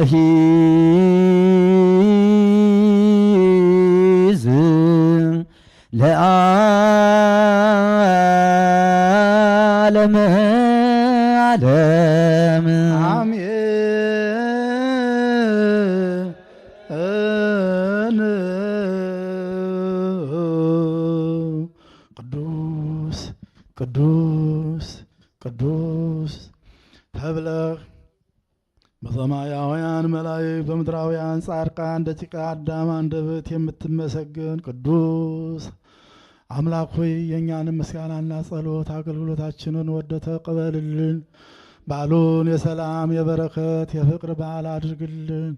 هيز لعالم عالم عمي قدوس قدوس ጨረቃ እንደ ጭቃ አዳም አንደበት የምትመሰገን ቅዱስ አምላክ ሆይ የእኛንም ምስጋናና ጸሎት አገልግሎታችንን ወደተ ቅበልልን። በዓሉን የሰላም የበረከት የፍቅር በዓል አድርግልን።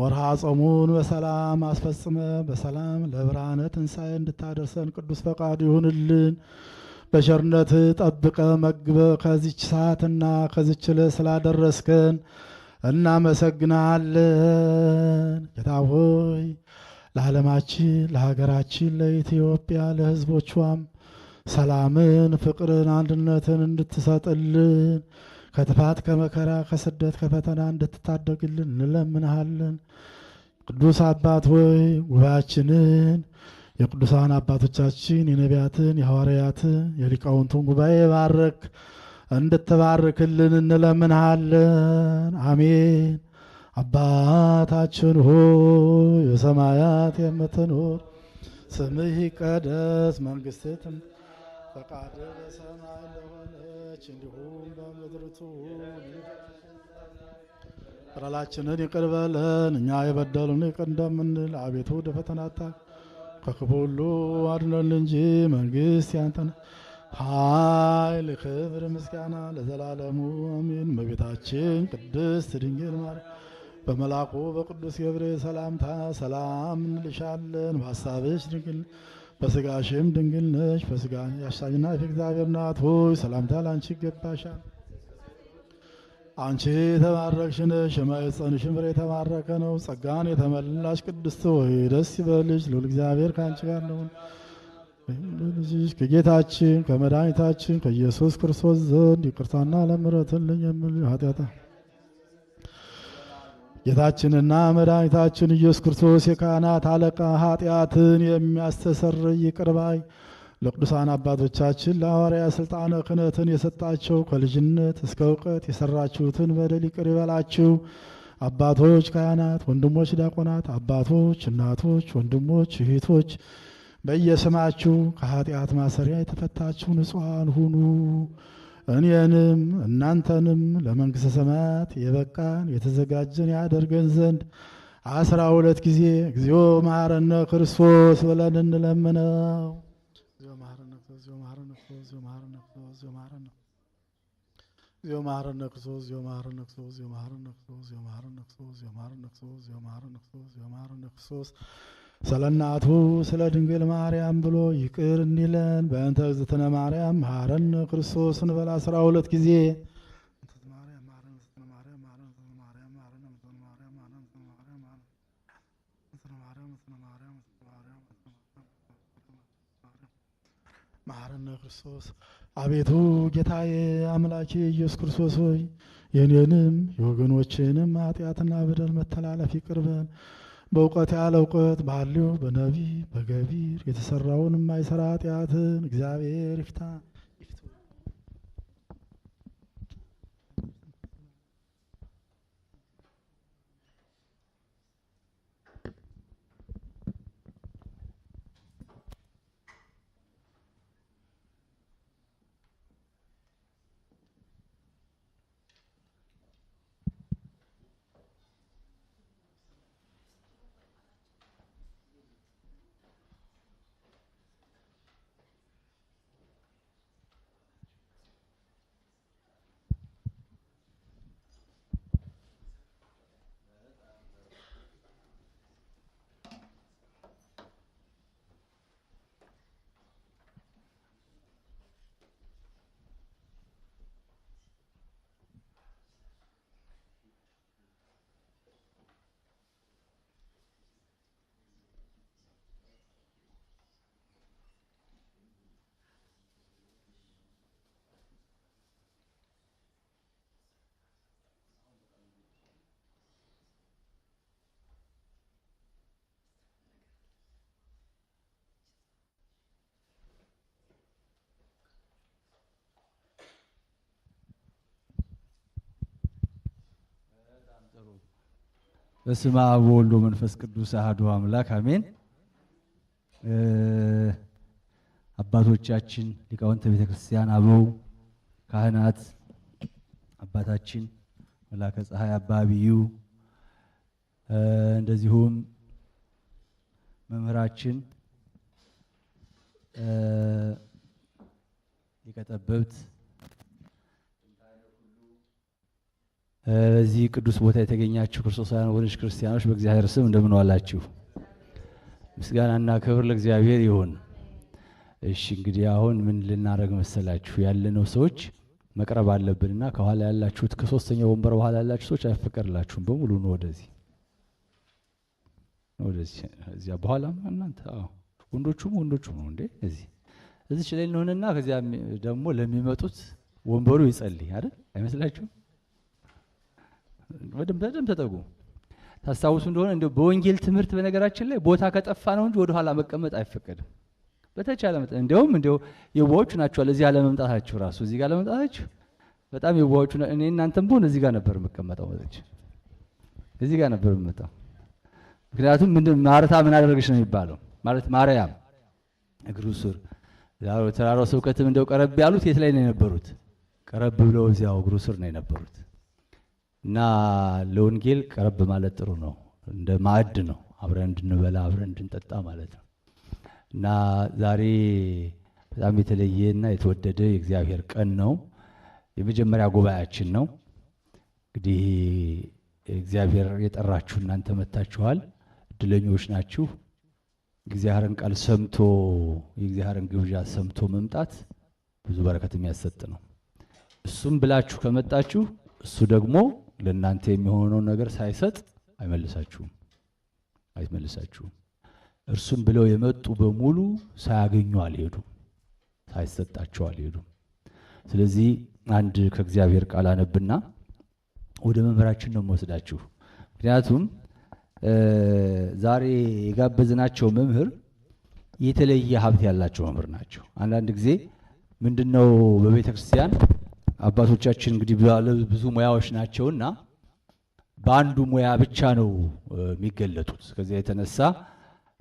ወርሃ ጾሙን በሰላም አስፈጽመ በሰላም ለብርሃነ ትንሣኤ እንድታደርሰን ቅዱስ ፈቃድ ይሁንልን። በሸርነት ጠብቀ መግበ ከዚች ሰዓትና ከዚች ዕለት ስላደረስከን እናመሰግናለን። ጌታ ሆይ ለዓለማችን፣ ለሀገራችን፣ ለኢትዮጵያ ለሕዝቦቿም ሰላምን፣ ፍቅርን፣ አንድነትን እንድትሰጥልን ከጥፋት ከመከራ ከስደት ከፈተና እንድትታደግልን እንለምንሃለን። ቅዱስ አባት ሆይ ጉባኤያችንን የቅዱሳን አባቶቻችን የነቢያትን የሐዋርያትን የሊቃውንቱን ጉባኤ ባረክ። እንድትባርክልን እንለምንሃለን። አሜን። አባታችን ሆይ በሰማያት የምትኖር ስምህ ይቀደስ፣ መንግስትህ ትምጣ፣ ፈቃድህ በሰማይ እንደሆነች እንዲሁም በምድር ትሁን። በደላችንን ይቅር በለን እኛ የበደሉን ይቅር እንደምንል፣ አቤቱ ወደ ፈተና አታግባን፣ ከክፉ ሁሉ አድነን እንጂ መንግስት ያንተ ናት ኃይል ክብር፣ ምስጋና ለዘላለሙ አሜን። እመቤታችን ቅድስት ድንግል ማርያም በመልአኩ በቅዱስ ገብርኤል ሰላምታ ሰላም እንልሻለን። በሀሳብሽ ድንግል በስጋሽም ድንግል ነሽ። በስጋ ያሻኝና የእግዚአብሔር ናት ሆይ ሰላምታ ለአንቺ ይገባሻል። አንቺ የተባረክሽ ነሽ፣ የማኅፀንሽ ፍሬ የተባረከ ነው። ጸጋን የተመላሽ ቅድስት ሆይ ደስ ይበልሽ፣ ልዑል እግዚአብሔር ከአንቺ ጋር ነውና ከጌታችን ከመድኃኒታችን ከኢየሱስ ክርስቶስ ዘንድ ይቅርታና ለምረትልኝ የምል ኃጢአታ ጌታችንና መድኃኒታችን ኢየሱስ ክርስቶስ የካህናት አለቃ ኃጢአትን የሚያስተሰርይ ይቅርባይ ለቅዱሳን አባቶቻችን ለሐዋርያ ስልጣነ ክህነትን የሰጣቸው ከልጅነት እስከ እውቀት የሰራችሁትን በደል ይቅር ይበላችሁ። አባቶች ካህናት፣ ወንድሞች ዲያቆናት፣ አባቶች፣ እናቶች፣ ወንድሞች፣ እህቶች በየስማችሁ ከኃጢአት ማሰሪያ የተፈታችሁ ንጹሐን ሁኑ እኔንም እናንተንም ለመንግሥተ ሰማያት የበቃን የተዘጋጀን ያደርገን ዘንድ አስራ ሁለት ጊዜ እግዚኦ መሐረነ ክርስቶስ ብለን እንለምነው። እግዚኦ መሐረነ ክርስቶስ ስለ እናቱ ስለ ድንግል ማርያም ብሎ ይቅር እንዲለን በእንተ እግዝእትነ ማርያም ሀረን ክርስቶስ እንበል አስራ ሁለት ጊዜ ማረነ ክርስቶስ። አቤቱ ጌታዬ አምላኬ ኢየሱስ ክርስቶስ ሆይ የእኔንም የወገኖችንም ኃጢአትና በደል መተላለፍ ይቅርበን። በእውቀት ያለ እውቀት በሐልዮ በነቢ በገቢር የተሰራውን የማይሰራ ኃጢአትን እግዚአብሔር ይፍታ። በስመ አብ ወወልድ ወመንፈስ ቅዱስ አሐዱ አምላክ አሜን። አባቶቻችን ሊቃውንተ ቤተ ክርስቲያን፣ አበው ካህናት፣ አባታችን መላከ ፀሐይ አባ እንደዚሁም መምህራችን ሊቀ ጠበብት በዚህ ቅዱስ ቦታ የተገኛችሁ ክርስቶሳውያን ወንሽ ክርስቲያኖች በእግዚአብሔር ስም እንደምን ዋላችሁ? ምስጋናና ክብር ለእግዚአብሔር ይሁን። እሺ እንግዲህ አሁን ምን ልናደረግ መሰላችሁ? ያለነው ሰዎች መቅረብ አለብንና ከኋላ ያላችሁት ከሶስተኛው ወንበር በኋላ ያላችሁ ሰዎች አይፈቀድላችሁም። በሙሉ ነው ወደዚህ ወደዚህ እዚያ በኋላ እናንተ ወንዶቹም ወንዶቹም ነው እንዴ እዚህ እዚች ላይ እንሆንና ከዚያ ደግሞ ለሚመጡት ወንበሩ ይጸልይ አይደል? አይመስላችሁም? በደንብ ተጠጉ። ታስታውሱ እንደሆነ እንደ በወንጌል ትምህርት በነገራችን ላይ ቦታ ከጠፋ ነው እንጂ ወደኋላ መቀመጥ አይፈቀድም። በተቻለ መጠን እንደውም እንደው የዋዎቹ ናችኋል እዚህ አለመምጣታችሁ ራሱ እዚህ ጋር አለመምጣታችሁ በጣም የዋዎቹ እኔ እናንተም ብሆን እዚህ ጋር ነበር የምቀመጠው ማለት እዚህ ጋር ነበር የምመጣው። ምክንያቱም ምንድን ማርታ ምን አደረገች ነው የሚባለው ማለት ማርያም እግሩ ስር ተራራው ስብከትም እንደው ቀረብ ያሉት የት ላይ ነው የነበሩት? ቀረብ ብለው እዚያው እግሩ ስር ነው የነበሩት። እና ለወንጌል ቀረብ ማለት ጥሩ ነው። እንደ ማዕድ ነው። አብረን እንድንበላ አብረን እንድንጠጣ ማለት ነው። እና ዛሬ በጣም የተለየ እና የተወደደ የእግዚአብሔር ቀን ነው። የመጀመሪያ ጉባኤያችን ነው። እንግዲህ እግዚአብሔር የጠራችሁ እናንተ መታችኋል። እድለኞች ናችሁ። እግዚአብሔርን ቃል ሰምቶ የእግዚአብሔርን ግብዣ ሰምቶ መምጣት ብዙ በረከት የሚያሰጥ ነው። እሱም ብላችሁ ከመጣችሁ እሱ ደግሞ ለእናንተ የሚሆነውን ነገር ሳይሰጥ አይመልሳችሁም አይመልሳችሁም። እርሱም ብለው የመጡ በሙሉ ሳያገኙ አልሄዱም፣ ሳይሰጣቸው አልሄዱም። ስለዚህ አንድ ከእግዚአብሔር ቃል አነብና ወደ መምህራችን ነው መወስዳችሁ። ምክንያቱም ዛሬ የጋበዝናቸው መምህር የተለየ ሀብት ያላቸው መምህር ናቸው። አንዳንድ ጊዜ ምንድነው በቤተ ክርስቲያን አባቶቻችን እንግዲህ ብዙ ሙያዎች ናቸውና በአንዱ ሙያ ብቻ ነው የሚገለጡት። ከዚያ የተነሳ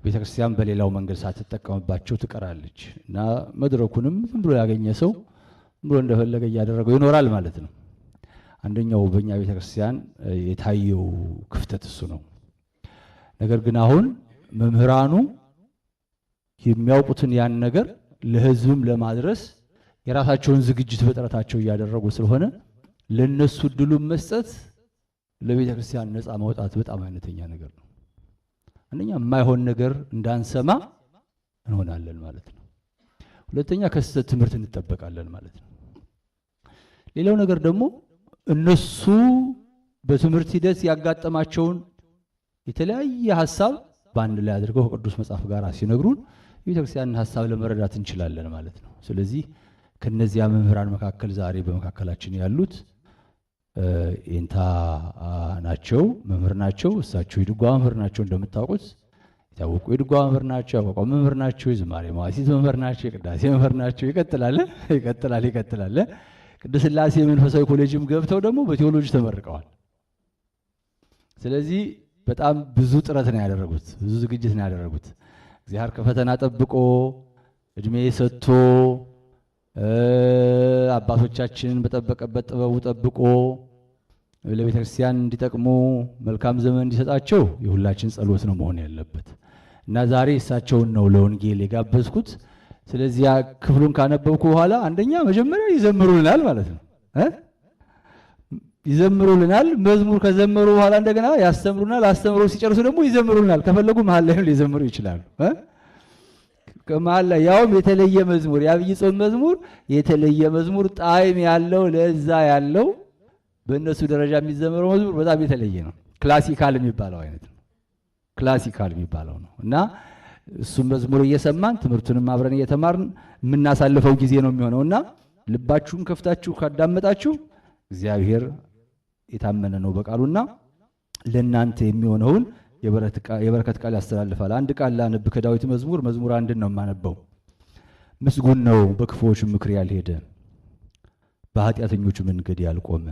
ቤተክርስቲያን በሌላው መንገድ ሳትጠቀምባቸው ትቀራለች እና መድረኩንም ዝም ብሎ ያገኘ ሰው ዝም ብሎ እንደፈለገ እያደረገው ይኖራል ማለት ነው። አንደኛው በእኛ ቤተክርስቲያን የታየው ክፍተት እሱ ነው። ነገር ግን አሁን መምህራኑ የሚያውቁትን ያን ነገር ለሕዝብም ለማድረስ የራሳቸውን ዝግጅት በጥረታቸው እያደረጉ ስለሆነ ለነሱ እድሉን መስጠት ለቤተ ክርስቲያን ነፃ ማውጣት በጣም አይነተኛ ነገር ነው። አንደኛ የማይሆን ነገር እንዳንሰማ እንሆናለን ማለት ነው። ሁለተኛ ከስህተት ትምህርት እንጠበቃለን ማለት ነው። ሌላው ነገር ደግሞ እነሱ በትምህርት ሂደት ያጋጠማቸውን የተለያየ ሀሳብ በአንድ ላይ አድርገው ከቅዱስ መጽሐፍ ጋር ሲነግሩን የቤተክርስቲያንን ሀሳብ ለመረዳት እንችላለን ማለት ነው። ስለዚህ ከነዚያ መምህራን መካከል ዛሬ በመካከላችን ያሉት ኤንታ ናቸው፣ መምህር ናቸው። እሳቸው የድጓ መምህር ናቸው። እንደምታውቁት የታወቁ የድጓ መምህር ናቸው። ያቋቋም መምህር ናቸው። የዝማሬ መዋሲት መምህር ናቸው። የቅዳሴ መምህር ናቸው። ይቀጥላል፣ ይቀጥላል፣ ይቀጥላል። ቅድስት ሥላሴ መንፈሳዊ ኮሌጅም ገብተው ደግሞ በቴዎሎጂ ተመርቀዋል። ስለዚህ በጣም ብዙ ጥረት ነው ያደረጉት፣ ብዙ ዝግጅት ነው ያደረጉት። እግዚአብሔር ከፈተና ጠብቆ እድሜ ሰጥቶ አባቶቻችንን በጠበቀበት ጥበቡ ጠብቆ ለቤተ ክርስቲያን እንዲጠቅሙ መልካም ዘመን እንዲሰጣቸው የሁላችን ጸሎት ነው መሆን ያለበት እና ዛሬ እሳቸውን ነው ለወንጌል የጋበዝኩት። ስለዚህ ክፍሉን ካነበብኩ በኋላ አንደኛ መጀመሪያ ይዘምሩልናል ማለት ነው እ ይዘምሩልናል መዝሙር ከዘመሩ በኋላ እንደገና ያስተምሩናል። አስተምሮ ሲጨርሱ ደግሞ ይዘምሩልናል። ከፈለጉ መሀል ላይ ሊዘምሩ ይችላሉ። ከማለ ያውም የተለየ መዝሙር የአብይ ጾም መዝሙር የተለየ መዝሙር ጣዕም ያለው ለዛ ያለው በእነሱ ደረጃ የሚዘመረው መዝሙር በጣም የተለየ ነው። ክላሲካል የሚባለው አይነት ነው። ክላሲካል የሚባለው ነው እና እሱም መዝሙር እየሰማን ትምህርቱንም አብረን እየተማርን የምናሳልፈው ጊዜ ነው የሚሆነው እና ልባችሁን ከፍታችሁ ካዳመጣችሁ እግዚአብሔር የታመነ ነው በቃሉና ለእናንተ የሚሆነውን የበረከት ቃል ያስተላልፋል። አንድ ቃል ላንብ ከዳዊት መዝሙር መዝሙር አንድን ነው የማነበው። ምስጉን ነው በክፉዎች ምክር ያልሄደ፣ በኃጢአተኞች መንገድ ያልቆመ